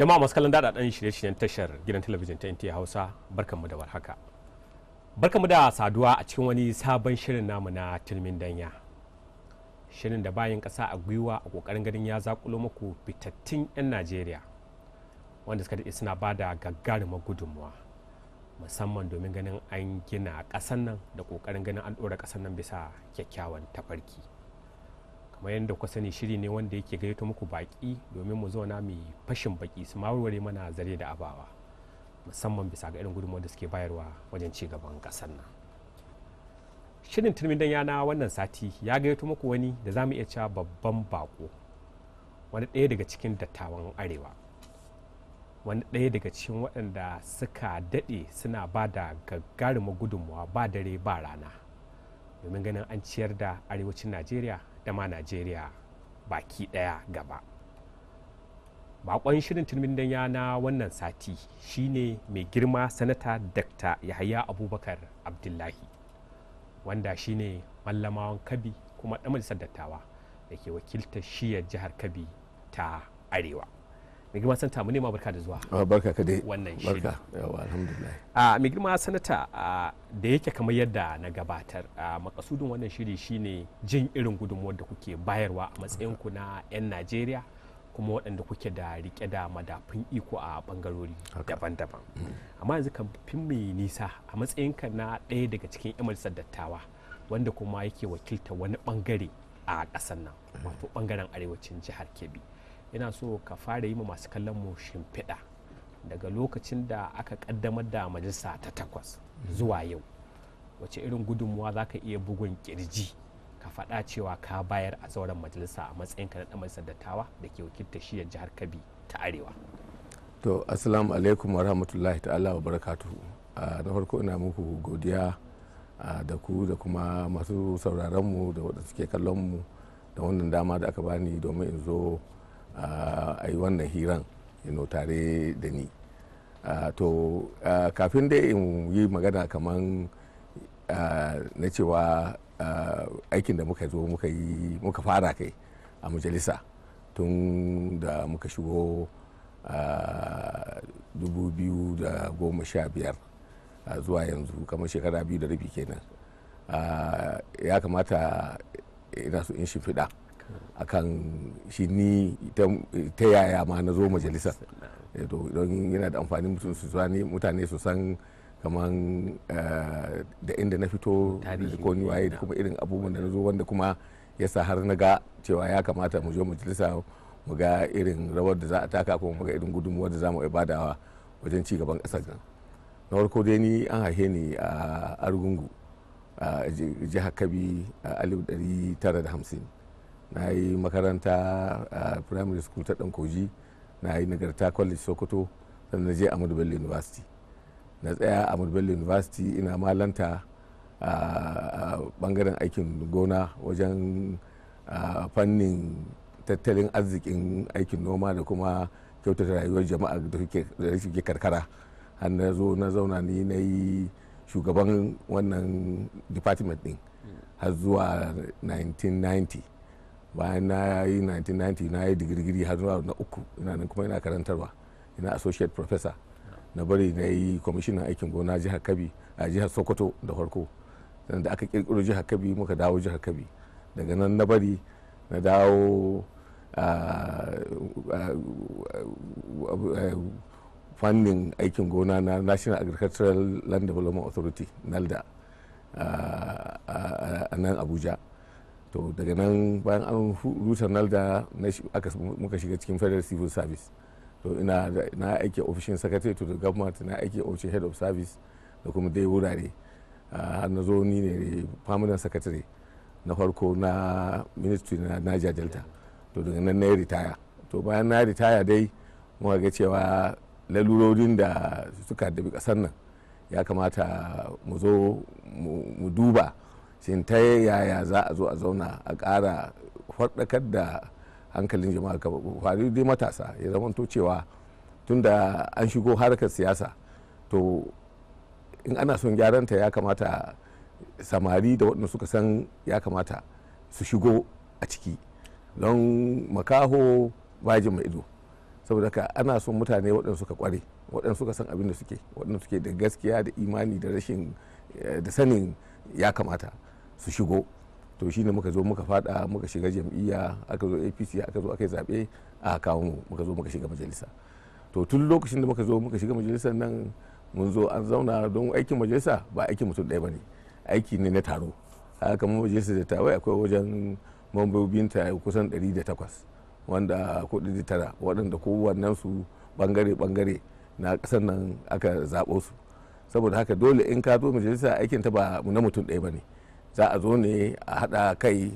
jama'a masu kallon daɗa ɗan shirye-shiryen tashar gidan talabijin ta intiya Hausa barkanmu da warhaka barkanmu da saduwa a cikin wani sabon shirin namu na tilmin danya shirin da bayan ƙasa a gwiwa a ƙoƙarin ganin ya zakulo muku fitattun 'yan Najeriya wanda suka daɗe suna ba da gagarumar gudunmuwa musamman domin ganin an gina ƙasan nan da ƙoƙarin ganin an ɗora ƙasan nan bisa kyakkyawan tafarki. kamar yadda kuka sani shiri ne wanda yake gayyato muku baki domin mu zauna mu fashin baki su warware mana zare da abawa musamman bisa ga irin gudunmawar da suke bayarwa wajen ci gaban kasar nan shirin turmin dan yana wannan sati ya gayyato muku wani da za mu iya cewa babban bako wani ɗaya daga cikin dattawan arewa wani ɗaya daga cikin waɗanda suka daɗe suna ba da gagarumar gudunmawa ba dare ba rana domin ganin an ciyar da arewacin najeriya da ma najeriya baki daya gaba bakon shirin turmin ya na wannan sati shine mai girma sanata dr yahaya abubakar abdullahi wanda shine mallamawan kabi kuma ɗan majalisar dattawa da ke wakiltar shiyar jihar kabi ta arewa mai girma sanata mu nema barka da zuwa ah, barka ka dai wannan shiri a ah, mai girma sanata ah, da yake kamar yadda na gabatar makasudin wannan shiri shine jin irin gudunmuwar da kuke bayarwa a matsayin ku na yan Najeriya kuma waɗanda kuke da rike da madafun iko a bangarori daban-daban mm. amma yanzu kamfin mai nisa a matsayin ka na ɗaya daga cikin 'yan majalisar dattawa wanda kuma yake wakilta wani bangare a ƙasar nan eh. wato bangaren arewacin jihar kebbi ina so ka fara yi ma masu kallon mu shimfiɗa daga lokacin da aka kaddamar da majalisa ta takwas zuwa yau wace irin gudunmuwa za ka iya bugun kirji ka faɗa cewa ka bayar a zauren majalisa a matsayin ka na ɗan majalisar dattawa da ke wakilta shiyar jihar kabi ta arewa to assalamu alaikum wa rahmatullahi ta'ala wa barakatuhu na farko ina muku godiya da ku da kuma masu sauraron mu da waɗanda suke kallon mu da wannan dama da aka bani domin in zo a yi wannan hiran tare da ni to kafin dai in yi magana kaman na cewa aikin da muka zo muka fara kai a majalisa tun da muka shigo a biyar zuwa yanzu kamar shekara biyu da rabi kenan ya kamata ina so in shi shimfiɗa akan shi ni ta yaya ma na zo majalisar eh, don yana da amfani mutum su mutane su san kamar eh, da inda na fito da koni waye da kuma irin abubuwan da na zo wanda kuma ya sa har na ga cewa ya kamata mu zo majalisa mu ga irin rawar da za a taka kuma mu ga irin gudunmuwa da za mu ibadawa wajen ci gaban ƙasar nan na farko dai ni an haife ni a argungu a jihar kabi a 1950 na yi makaranta a primary school ta dan koji na yi nagarta college sokoto sannan na je ahmadu bello university na tsaya ahmadu bello university ina malanta a bangaren aikin gona wajen fannin tattalin arzikin aikin noma da kuma kyautata rayuwar jama'a da suke karkara har na zo na zauna ni na yi shugaban wannan department din har zuwa 1990 bayan na yi 1990 na yi digirgiri har na uku ina nan kuma ina karantarwa ina associate professor na bari na yi kwamishinan aikin gona jihar kabi a jihar sokoto da farko da aka kirkiro jihar kabi muka dawo jihar kabi daga nan na bari na dawo fannin aikin gona na national agricultural land development authority nalda a nan abuja to daga nan bayan an rusa nalda muka shiga cikin federal civil service to ina na aiki ofishin secretary to the government na aiki ofishin head of service da kuma dai wurare har na zo ni ne permanent secretary na farko na ministry na niger delta to daga nan na yi ritaya to bayan na ritaya dai muka ga cewa lalurorin da suka dabi kasar nan ya kamata mu zo mu duba shin ta yaya za a zo a zauna a ƙara faɗakar da hankalin jama'a ka kwari dai matasa ya zamanto cewa tunda an shigo harkar siyasa to in ana son gyaranta ya kamata samari da waɗanda suka san ya kamata su shigo a ciki don makaho bajin mai ido saboda ka ana son mutane waɗanda suka kware waɗanda suka san abin da suke waɗanda suke da gaskiya da imani da rashin eh, da sanin ya kamata su shigo to shine muka zo muka fada muka shiga jam'iyya aka zo apc aka zo aka yi zaɓe a kawo mu muka zo muka shiga majalisa to tun lokacin da muka zo muka shiga majalisar nan mun zo an zauna don aikin majalisa ba aikin mutum ɗaya ba ne aiki ne na taro haka mu majalisar da tawai akwai wajen mambobin ta kusan 108 wanda ko tara waɗanda kowannen su bangare-bangare na ƙasar nan aka zaɓo su saboda haka dole in ka zo majalisa aikin ta ba na mutum ɗaya ba ne za a zo ne a haɗa kai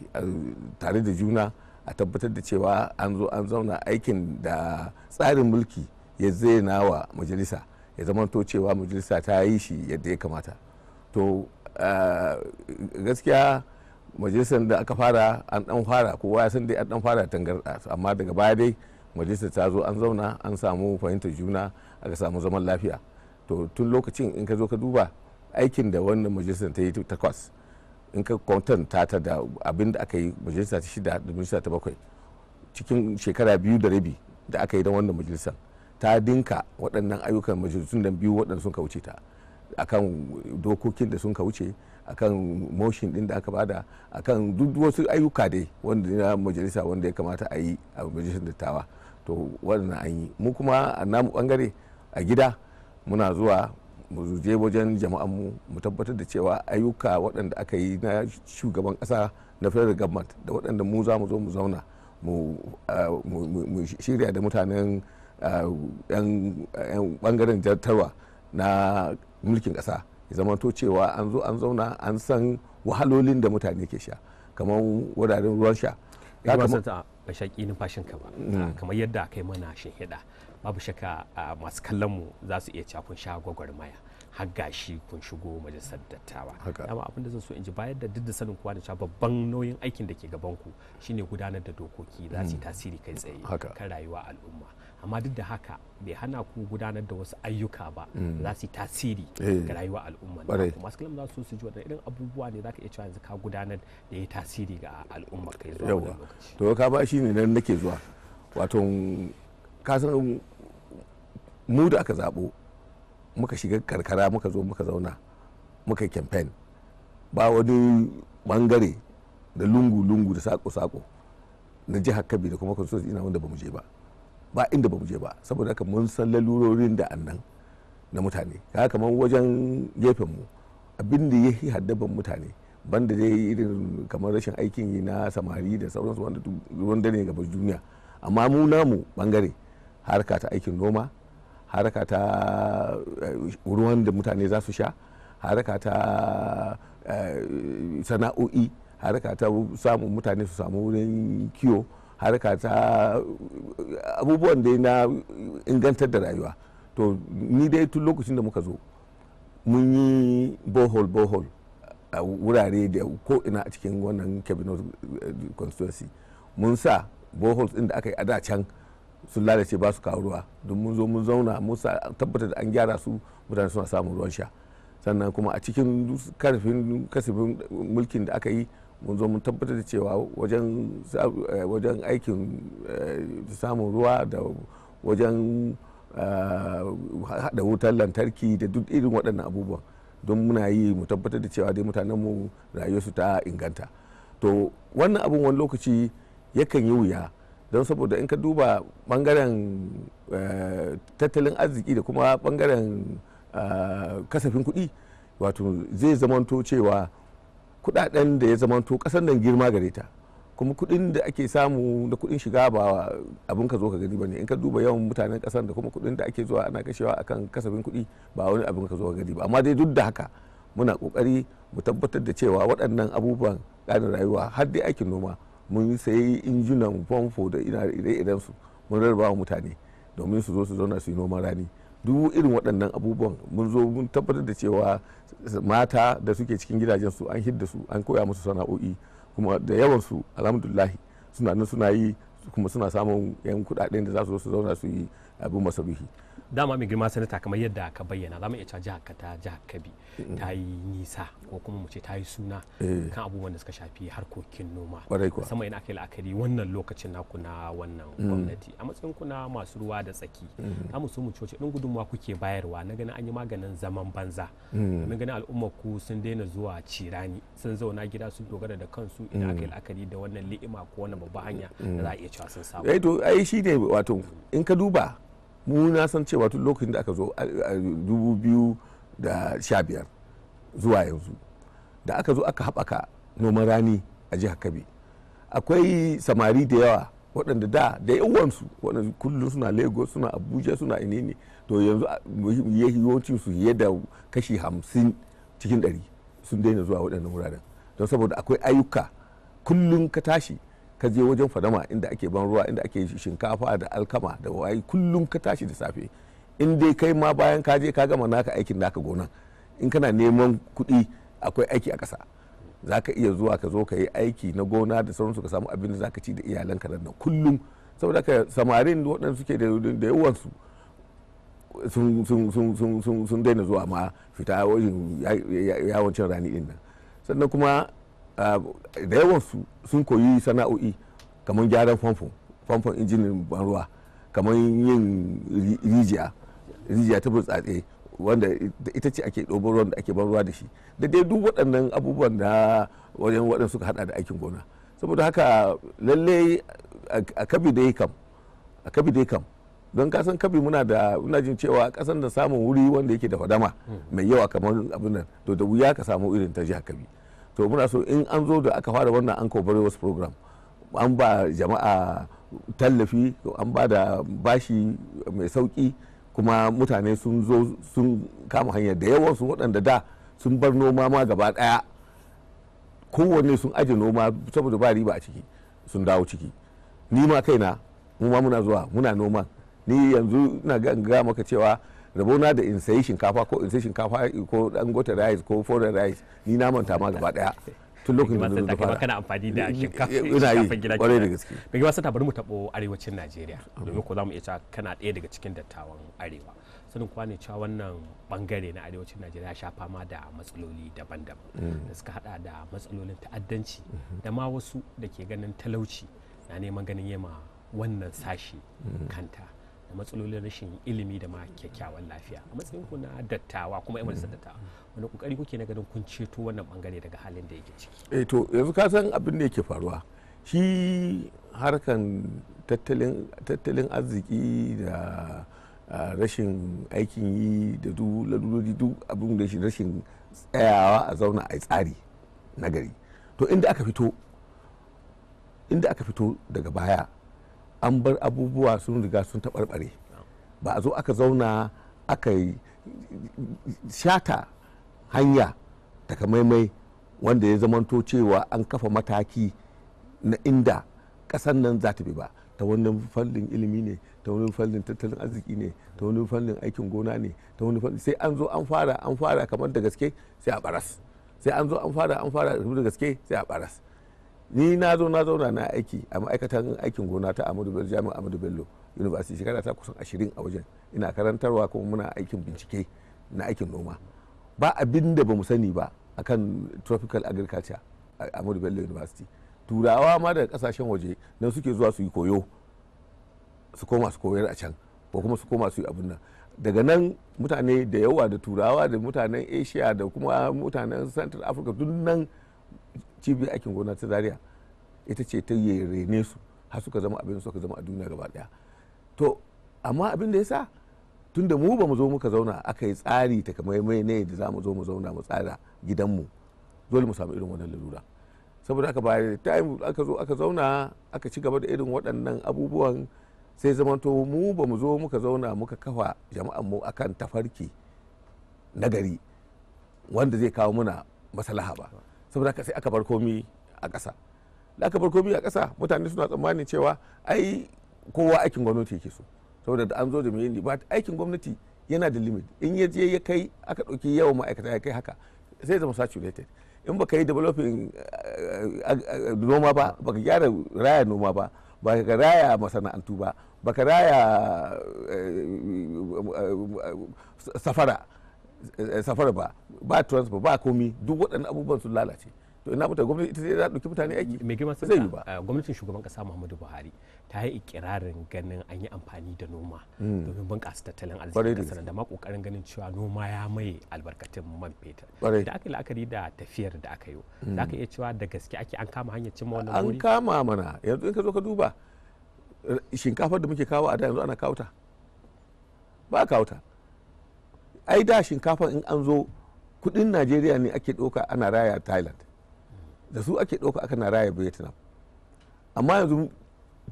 tare da juna a tabbatar da cewa an zo an zauna aikin da tsarin mulki ya zaina wa majalisa ya zamanto cewa majalisa ta yi shi yadda ya kamata to gaskiya majalisar da aka fara an dan fara kowa ya san dai an dan fara tangarda amma daga baya dai majalisar ta zo an zauna an samu fahimtar juna aka samu zaman lafiya to tun lokacin in ka zo ka duba aikin da wannan majalisar ta yi takwas in ka kwantar ta ta da abin da aka yi majalisa ta shida da majalisa ta bakwai cikin shekara biyu da rabi da aka yi don wannan majalisar ta dinka waɗannan ayyukan majalisun da biyu waɗanda sun wuce ta akan dokokin da sun wuce akan motion din da aka bada akan duk wasu ayyuka dai wanda na majalisa wanda ya kamata a yi a majalisar dattawa to waɗannan an yi mu kuma a namu bangare a gida muna zuwa mu je wajen jama'an mu mu tabbatar da cewa ayyuka waɗanda aka yi na shugaban ƙasa na federal government da waɗanda mu za mu zo mu zauna mu shirya da mutanen yan bangaren jartarwa na mulkin ƙasa ya to cewa an zo an zauna an san wahalolin da mutane ke sha kamar wuraren ruwan sha ya shaƙi numfashinka ba mm. kamar yadda kai mana shin hida babu shaka masu kallon mu za su iya cakun sha gwagwarmaya har gashi kun shigo majalisar dattawa dama abin da zan so in ji bayar da duk da sanin kowa da cewa babban nauyin aikin da ke gaban ku shine gudanar da dokoki za su hmm. tasiri kai tsaye kan rayuwa al'umma amma duk da haka bai hana ku gudanar da wasu ayyuka ba hmm. za su yi tasiri eh. ga rayuwa al'umma Masu su kalam za su su ji irin abubuwa ne za ka iya cewa yanzu ka gudanar da ya tasiri ga al'umma kai zuwa to ka ba shi ne nan nake zuwa wato kasan mu da aka zaɓo muka shiga karkara muka zo muka zauna muka campaign ba wani bangare da lungu-lungu da sako-sako na jihar kabi da kuma constituency ina wanda ba mu je ba ba inda ba mu je ba saboda haka mun san lalurorin da annan na mutane ka kamar wajen gefen mu abin da ya yi haddaban mutane banda dai irin kamar rashin aikin yi na samari da sauransu wanda ne gaba duniya amma mu namu bangare harka ta aikin noma harka ta eh, ruwan da mutane za su sha harka ta eh, sana'o'i harka ta samun mutane su samu wurin kiwo harka ta eh, abubuwan da na ingantar da rayuwa to ni dai tun lokacin da muka zo mun yi bohol bohol a wurare da ko ina a cikin wannan cabinet constituency mun sa boholes din da aka yi a da can sun lalace ba su kawo ruwa don mun zo mun zauna mun tabbatar da an gyara su mutane suna samun ruwan sha sannan kuma a cikin karfin kasafin mulkin da aka yi mun zo mun tabbatar da cewa wajen eh, aikin eh, samun ruwa da wajen eh, hada wutar lantarki da duk irin waɗannan abubuwan don muna yi mu tabbatar da cewa dai mutanenmu rayuwarsu ta inganta to wannan abin wani lokaci yakan yi wuya don saboda in ka duba bangaren eh, tattalin arziki da kuma bangaren eh, kasafin kuɗi wato zai zamanto cewa kudaden da ya zamanto kasar nan girma gare ta kuma kudin da ake samu da kudin shiga ba abin ka zo ka gani ne. in ka duba yawan mutanen kasar da kuma kudin da ake zuwa ana kashewa akan kasafin kudi ba wani abin ka zo ka gani ba amma dai duk da haka muna kokari mu tabbatar da cewa waɗannan abubuwan ƙarin rayuwa har dai aikin noma mun sayi injunan famfo da ire-iren su mun rarraba wa mutane domin su zo su zauna su yi noman rani duk irin waɗannan abubuwan mun zo mun tabbatar da cewa mata da suke cikin gidajen su an hidda su an koya musu sana'o'i kuma da yawan su alhamdulillahi suna nan suna yi kuma suna samun yan kuɗaɗen da za su zo su zauna su yi abin masabihi dama mai girma sanata kamar yadda ka bayyana za mu iya caji jihar ka ta jihar kabi ta yi nisa ko kuma mu ce ta yi suna eh. kan abubuwan da suka shafi harkokin noma sama ina kai la'akari wannan lokacin naku na wannan mm. gwamnati a matsayin kuna masu ruwa da tsaki mm. za mu so mu coci din gudunmuwa kuke bayarwa na gani an yi maganin zaman banza mm. na ganin al'ummar ku sun daina zuwa cirani sun zauna gida sun dogara da kansu ina aka yi la'akari da wannan li'ima ko wannan babban hanya da za a iya cewa sun samu. Eh ai shi ne wato in ka duba mu na san cewa tun lokacin da aka zo a biyar zuwa yanzu da aka zo aka haɓaka noman rani a jihar kabi akwai samari da yawa waɗanda da da yawansu waɗanda kullum suna lagos suna abuja suna ine ne to yanzu yawancin su fiye da kashi hamsin cikin ɗari sun daina zuwa waɗannan wuraren don saboda akwai ayyuka kullum ka tashi ka je wajen fadama inda ake ban ruwa inda ake shinkafa da alkama da wayi kullum ka tashi da safe in dai kai ma bayan ka je ka gama naka aikin naka gona, in kana neman kuɗi akwai aiki a ƙasa za ka iya zuwa ka zo ka yi aiki na gona da sauransu ka samu abin da za ka ci da iyalanka nan kullum saboda ka samarin waɗanda suke da yawansu sun daina zuwa ma fita yawancin rani din nan sannan kuma Ah, da yawan sun koyi sana'o'i kamar gyaran famfo famfon injinin ban ruwa kamar yin rijiya rijiya ta burtsatse wanda ita ce ake ɗoban ruwan da ake ban ruwa da shi da dai duk waɗannan abubuwan da wajen waɗanda suka hada da aikin gona saboda haka lalle a kabi dai kam a kabi dai kam don kasan kabi muna da muna jin cewa kasan da samun wuri wanda yake da fadama hmm. mai yawa kamar abin nan to da wuya ka samu irin ta jihar kabi to muna so in an zo da aka fara wannan an kofar wasu program an ba jama'a tallafi an ba da bashi mai sauki kuma mutane sun zo sun kama hanyar da yawan su waɗanda da sun bar noma ma gaba ɗaya kowanne sun aje noma saboda ba riba a ciki sun dawo ciki ni ma kaina mu ma muna zuwa muna noma ni yanzu ina ga maka cewa rabona da in sayi shinkafa ko in sayi shinkafa ko dangote rice ko foreign rice ni na manta ma gaba daya tun lokacin da zai fara kana amfani da shinkafa gida kwarai da gaske bai gaba sata bari mu tabo arewacin Najeriya domin ko zamu iya cewa kana daya daga cikin dattawan arewa sanin kuwa ne cewa wannan bangare na arewacin Najeriya sha fama da matsaloli daban-daban mm. da suka hada da matsalolin ta'addanci mm-hmm. da ma wasu da ke ganin talauci na neman ganin yema wannan sashi mm. kanta matsalolin rashin ilimi da ma kyakkyawan lafiya a matsayin ku na dattawa kuma yan majalisar dattawa wani kokari kuke na ganin kun ceto wannan bangare daga halin da yake ciki eh to yanzu ka san abin da yake faruwa shi harkan tattalin arziki da rashin aikin yi da duk ladudodi duk abin da shi rashin tsayawa a zauna a tsari nagari. gari to inda aka fito inda aka fito daga baya an bar abubuwa sun riga sun taɓarɓare ba a zo aka zauna aka shata hanya takamaimai wanda ya zamanto cewa an kafa mataki na inda ƙasar nan za ta bi ba ta wani fannin ilimi ne ta wani fannin tattalin arziki ne ta wani fannin aikin gona ne ta wani fannin sai an zo an fara an fara kamar da gaske sai a baras sai an zo an fara an fara da gaske sai a baras ni na zo na zauna na aiki a ma'aikatan aikin gona ta amadu bello jami'in amadu bello university shekara ta kusan ashirin a wajen ina karantarwa kuma muna aikin bincike na aikin noma ba abin da mu sani ba akan tropical agriculture a amadu bello university turawa ma daga kasashen waje nan suke zuwa su yi koyo su koma su koyar a can ko kuma su koma su yi abin nan daga nan mutane da yawa da turawa da mutanen asia da kuma mutanen central africa duk nan cibiyar aikin gona ta zaria ita ce ta rene su har suka zama abin suka zama a duniya gaba daya to amma abin da ya sa tun mu ba mu zo muka zauna aka yi tsari ta kamar mai ne da za mu zo mu zauna mu tsara gidanmu dole mu samu irin wannan lalura saboda aka bayar da time aka zo aka zauna aka ci gaba da irin waɗannan abubuwan sai zamanto mu ba mu zo muka zauna muka kafa jama'an mu akan tafarki na gari wanda zai kawo muna masalaha ba saboda haka sai aka bar komi a ƙasa da aka bar komi a ƙasa mutane suna tsammani cewa ai kowa aikin gwamnati yake so saboda da an zo da mai yindi ba aikin gwamnati yana da limit in ya je ya kai aka ɗauki yawan ma'aikata ya kai haka sai zama saturated in baka yi developing eh, eh, eh, noma ba baka gyara raya noma ba baka raya masana'antu ba baka raya safara Eh, safar ba ba transfer ba komi duk waɗannan abubuwan sun lalace to ina mutane gwamnati ita zai dauki mutane aiki mai girma sun ba eh, gwamnatin shugaban kasa Muhammadu Buhari ta yi ikirarin ganin an yi amfani da noma hmm. domin bunƙasa tattalin arzikin kasar da ma ƙoƙarin ganin cewa noma ya mai albarkatun man fetur da aka yi la'akari da tafiyar da aka yi da hmm. aka iya cewa da gaske ake an kama hanyar cimma wannan an kama mana yanzu in ka zo ka duba shinkafar da muke kawo a da yanzu ana kawo ta ba kawo ta ai da shinkafa in an zo kudin najeriya ne ake ɗauka ana raya thailand da su ake ɗauka aka na raya vietnam amma yanzu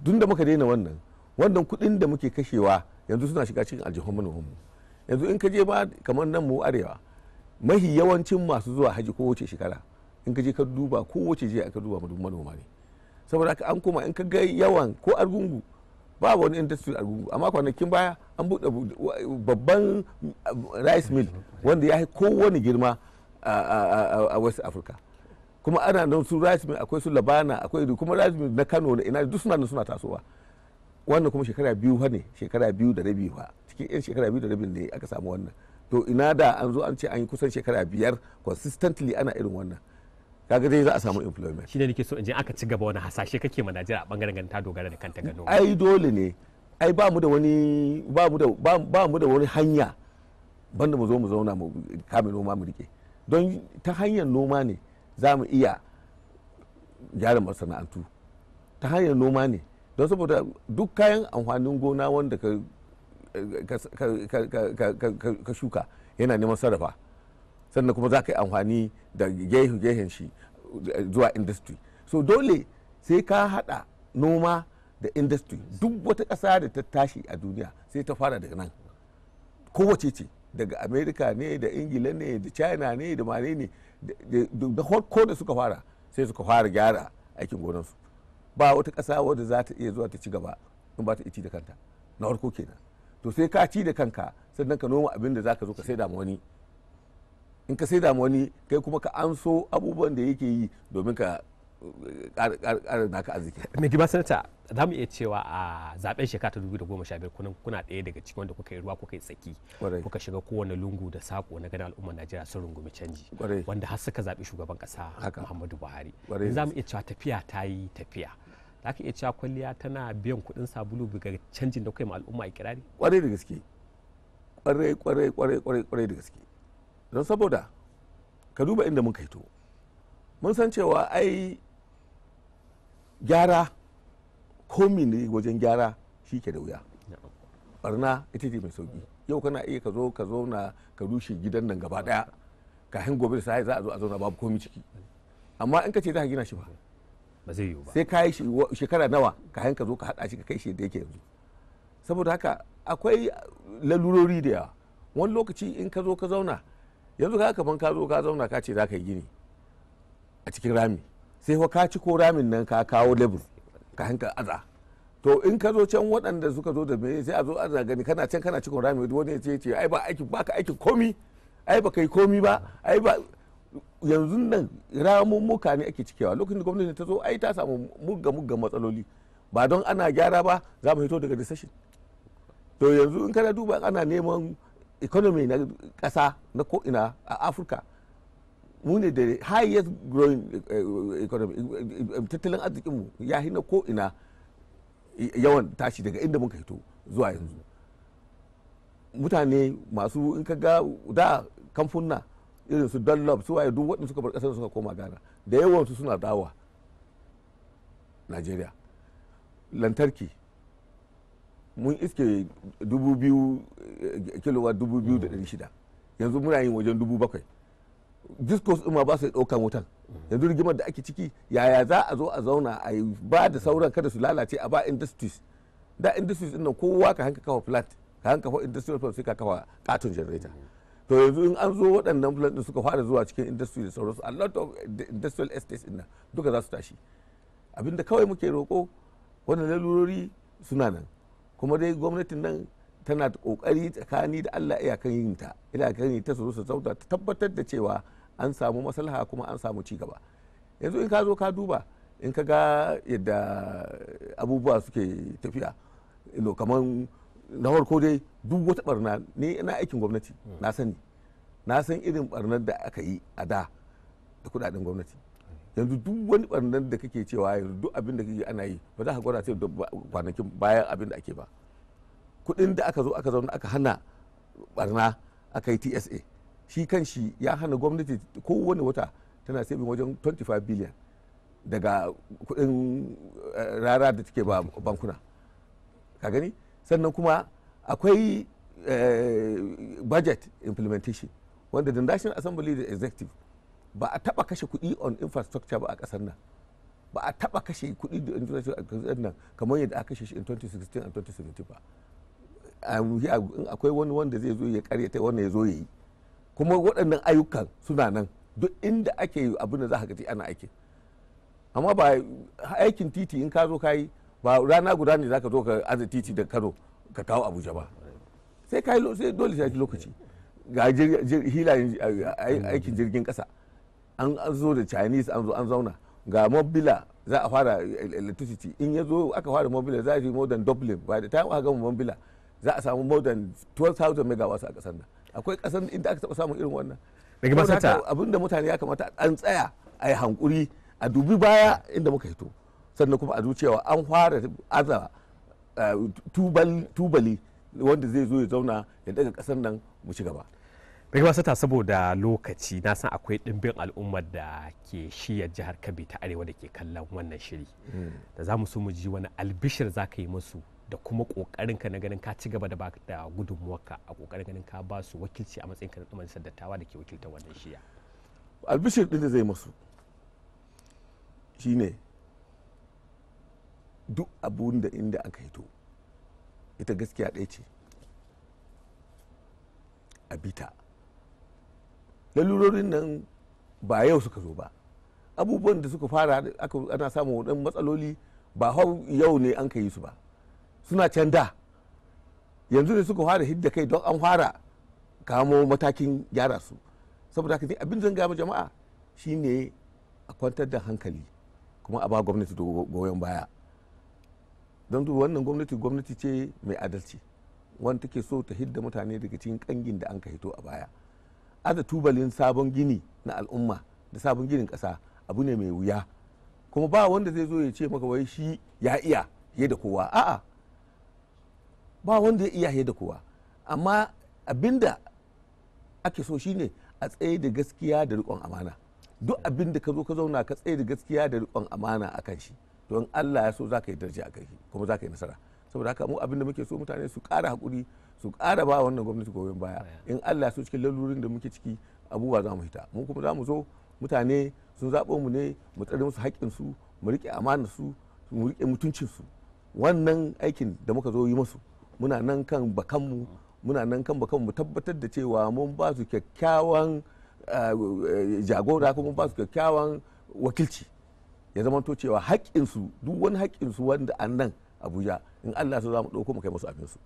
duk da muka daina wannan wannan kudin da muke kashewa yanzu suna shiga cikin aljihun mu yanzu in ka je ba kamar nan mu arewa mahi yawancin masu zuwa haji kowace shekara in ka je ka duba kowace je aka duba manoma ne saboda haka an koma in ka ga yawan ko argungu ba wani industry a gungu amma kwanakin baya an buɗe babban eh, rice mill wanda ya yi kowane girma a west africa kuma ana nan su rice mill akwai su labana akwai kuma rice mill na kano na ina duk suna nan suna tasowa wannan kuma shekara biyu ne shekara biyu da rabi fa cikin yan shekara biyu da rabin ne aka samu wannan to ina da an zo an ce an yi kusan shekara biyar consistently ana irin wannan kaga dai za a samu employment shine nake so in je aka ci gaba wani hasashe kake ma Najeriya a bangaren ganin ta dogara da kanta ga noma ai dole ne ai ba mu da wani ba mu da ba mu da wani hanya banda mu zo mu zauna mu kame noma mu rike don ta hanyar noma ne za mu iya gyara masana'antu ta hanyar noma ne don saboda duk kayan amfanin gona wanda ka shuka yana neman sarrafa sannan kuma za ka yi amfani da gehen shi eh, zuwa industry so dole sai ka hada noma da industry duk wata ƙasa da ta tashi a duniya sai ta fara daga nan kowace ce daga america ne da ingila ne da china ne da mare ne da ko da suka fara sai suka fara gyara aikin gonansu ba wata ƙasa wadda za ta iya zuwa ta ci gaba in ba ta ci da kanta na farko kenan to sai ka ci da kanka sannan ka noma abin da za ka zo ka sai dama wani in ka da wani kai kuma ka anso abubuwan da yake yi domin ka ƙara naka arziki. mai Gima sanata za mu iya cewa a zaben shekara ta 2015 kunan kuna ɗaya daga cikin wanda kuka yi ruwa kuka yi tsaki kuka shiga kowane lungu da sako na ganin al'ummar najeriya sun rungumi canji wanda har suka zaɓi shugaban ƙasa muhammadu buhari za mu iya cewa tafiya ta yi tafiya za ka iya cewa kwalliya tana biyan kuɗin sabulu ga canjin da kuka yi ma al'umma a kirari kwarai da gaske kwarai kwarai kwarai da gaske don saboda ka duba inda mun kaito mun san cewa ai gyara komi ne wajen gyara shi ke da wuya barna ita ce mai sauki yau kana iya ka zo ka zo ka rushe gidan nan gaba daya kafin gobe da sai za a zo a zauna babu komi ciki amma in ka ce za ka gina shi ba ba zai yi ba sai ka yi shekara nawa kafin ka zo ka hada shi ka kai shi da yake yanzu saboda haka akwai lalurori da yawa wani lokaci in ka zo ka zauna yanzu ka kaman ka zo ka zauna ka ce za ka yi gini a cikin rami sai fa ka ci ko ramin nan ka kawo lebur ka hanka aza to in ka zo can waɗanda suka zo da mai sai a zo aza gani kana can kana cikin rami wani ya ce ce ai ba aiki ba ka aikin komi ai ba kai komi ba ai ba yanzu nan ramummuka ne ake cikewa lokacin da gwamnati ta zo ai ta samu mugga mugga matsaloli ba don ana gyara ba za mu hito daga recession to yanzu in kana duba ana neman economy na kasa na ko ina a afirka mu ne da highest growing eh, economy eh, tattalin arzikinmu ya hina ina yawan tashi daga inda muka hito zuwa yanzu mutane masu in ka ga da kamfuna irin su dunlop su waye duk waɗanda suka bar ƙasar suka koma ghana da yawansu suna dawa Nigeria lantarki mun iske dubu biyu kilowa dubu biyu da ɗari shida yanzu muna yin wajen dubu bakwai discos ɗin ma ba su ɗaukan wutan yanzu rigimar da ake ciki yaya za a zo a zauna a ba da sauran kada su lalace a ba industries da industries ɗin nan kowa ka hanka kawa flat ka hanka kawa industrial plant sai ka kawa katon generator to yanzu in an zo waɗannan plant ɗin suka fara zuwa cikin industries da sauransu a lot of industrial estates ɗin nan duka za su tashi abinda kawai muke roƙo wannan lalurori suna nan kuma dai gwamnatin nan tana kokari tsakani da Allah kan yin ta Ina gani ta su su sauta ta tabbatar da cewa an samu maslaha kuma an samu ci gaba yanzu in ka zo ka duba in ka ga yadda abubuwa suke tafiya kamar na farko dai duk wata barna ne ina aikin gwamnati na sani na san irin barnar da aka yi a da da kudaden gwamnati yanzu duk wani barnar da kake cewa yanzu duk abin da kake ana yi ba za ka gwada sai kwanakin bayan abin da ake ba kuɗin da aka zo aka zauna aka hana barna aka yi tsa shi kan shi ya hana gwamnati kowane wata tana saving wajen 25 biliyan daga kuɗin eh, rara da take ba bankuna ka gani sannan kuma akwai eh, budget implementation wanda the national assembly da executive ba a taba kashe kuɗi on infrastructure ba a kasar nan ba a taba kashe kuɗi da infrastructure a kasar nan kamar yadda aka kashe shi in 2016 and 2017 ba akwai wani wanda zai zo ya karyata wanda ya zo ya yi kuma waɗannan ayyukan suna nan duk inda ake yi abin da za ka ce ana aiki amma ba aikin titi in ka zo ka yi ba rana guda ne za ka zo ka aza titi da kano ka kawo abuja ba sai ka yi dole sai lokaci ga hilayen aikin jirgin kasa an zo da chinese an zo an zauna ga mobila za a fara eh, electricity in ya zo aka fara mobila za a yi more than doubling by the time aka gama mobila za a samu more than 12,000 megawatts a kasar nan akwai kasar inda aka taba samun irin wannan abin da mutane ya kamata an tsaya a yi hankuri a dubi baya inda muka hito sannan kuma a zuciyawa an fara aza eh, tubali wanda zai zo ya zauna ya daga kasar nan mu ci gaba daga masata saboda lokaci na san akwai ɗimbin al'ummar da ke shiyar jihar kabi ta arewa da ke kallon wannan shiri hmm. da za mu so mu ji wani albishir za ka yi musu da kuma kokarin ka na ganin ka ci gaba da ba da gudunmuwarka a kokarin ganin ka ba su wakilci a matsayin ka na majalisar sadattawa da ke wakiltar wannan shiya albishir din da zai masu shine duk abun da inda aka hito ita gaskiya ɗaya ce a bita lalurorin nan ba yau suka zo ba abubuwan da suka fara ana samun waɗannan matsaloli ba hau yau ne an ka yi su ba suna can da yanzu ne suka fara hidda kai don an fara kamo matakin gyara su saboda haka abin zan gama jama'a shine a kwantar da hankali kuma a ba gwamnati goyon baya don wannan gwamnati gwamnati ce mai adalci wanda take so ta hidda mutane daga cikin kangin da an ka hito a baya aza tubalin sabon gini na al'umma da sabon ginin kasa abu ne mai wuya kuma ba wanda zai zo ya ce maka wai shi ya iya fiye da kowa a'a ba wanda ya iyaye da kowa amma abinda ake so shine a tsaye da gaskiya da rikon amana duk abin da ka zo ka zauna ka tsaye da gaskiya da rikon amana a kan shi don Allah ya so za ka yi daraja a kai kuma za ka yi nasara saboda haka mu abin da muke so mutane su kara haƙuri su ƙara ba wannan gwamnati goyon baya in Allah ya so cikin lalurin da muke ciki abubuwa za mu hita mu kuma za mu zo mutane sun zaɓo mu ne mu tsare musu su mu riƙe su mu riƙe su. wannan aikin da muka zo yi musu muna nan kan bakanmu muna nan kan bakanmu tabbatar da cewa mun ba su kyakkyawan eh, eh, jagora kuma ba su kyakkyawan wakilci ya zama to cewa haƙƙinsu duk wani haƙƙinsu wanda a nan abuja in allah su za mu ɗauko mu kai masu abinsu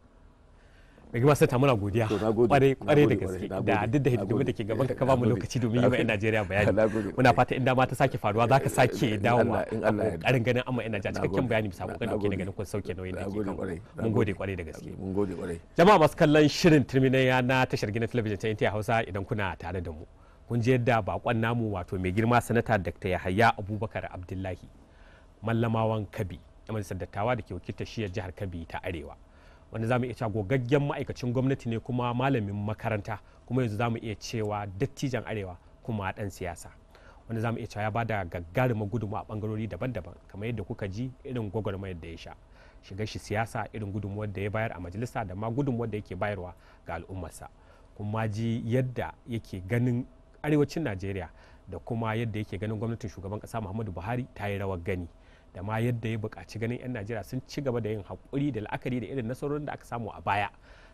mai gaba sai muna godiya kware da gaske da duk da da ke gaban ka ka mu lokaci domin yi wa 'yan Najeriya bayani muna fata inda ma ta sake faruwa za ka sake dawo dawowa karin ganin amma 'yan Najeriya cikakken bayani bisa kokarin da ke daga kun sauke nauyin da ke kan mun gode kware da gaske mun gode kware jama'a masu kallon shirin ya na tashar gidan talabijin ta intiya Hausa idan kuna tare da mu kun je da bakon namu wato mai girma sanata Dr. Yahaya Abubakar Abdullahi mallamawan Kabi a majalisar dattawa da ke wakiltar shiyar jihar Kabi ta Arewa wanda za mu iya cewa gogaggen ma'aikacin gwamnati ne kuma malamin makaranta kuma yanzu za mu iya cewa dattijan arewa kuma ɗan siyasa wanda za mu iya cewa ya bada gaggarima gudunmu a bangarori daban-daban kamar yadda kuka ji irin gwagwarmayar da ya sha shiga shi siyasa irin gudunmuwar da ya bayar a majalisa da ma gudunmuwar da yake bayarwa ga al'ummarsa kuma ji yadda yake ganin arewacin najeriya da kuma yadda yake ganin gwamnatin shugaban kasa muhammadu buhari ta yi rawar gani da ma yadda ya buƙaci ganin 'yan najeriya sun ci gaba da yin haƙuri da la'akari da irin nasarorin da aka samu a baya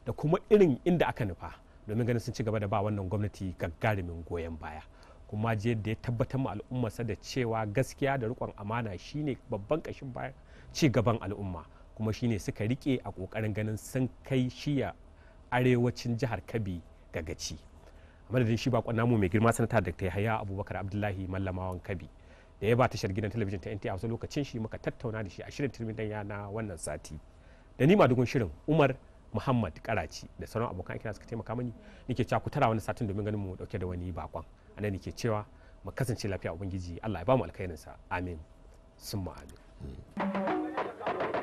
da kuma irin inda aka nufa domin ganin sun ci gaba da ba wannan gwamnati gagarumin goyon baya kuma je da ya tabbatar ma al'umma al'ummarsa da cewa gaskiya da riƙon amana shine babban ƙashin bayan ci gaban al'umma kuma shine suka rike a ƙoƙarin ganin sun kai shiya arewacin jihar kabi ga gaci a madadin shi bakon namu mai girma sanata da ta haya abubakar abdullahi mallamawan kabi da ya ba tashar gidan talabijin ta NTA wasu lokacin shi muka tattauna da shi a shirin turmin yana wannan sati da ni madugun shirin Umar Muhammad Karaci da sauran abokan aiki suka taimaka mani nake cewa ku tara wani satin domin ganin mu dauke da wani bakon anan nake cewa mu kasance lafiya ubangiji Allah ya ba mu alkhairinsa amin summa amin hmm.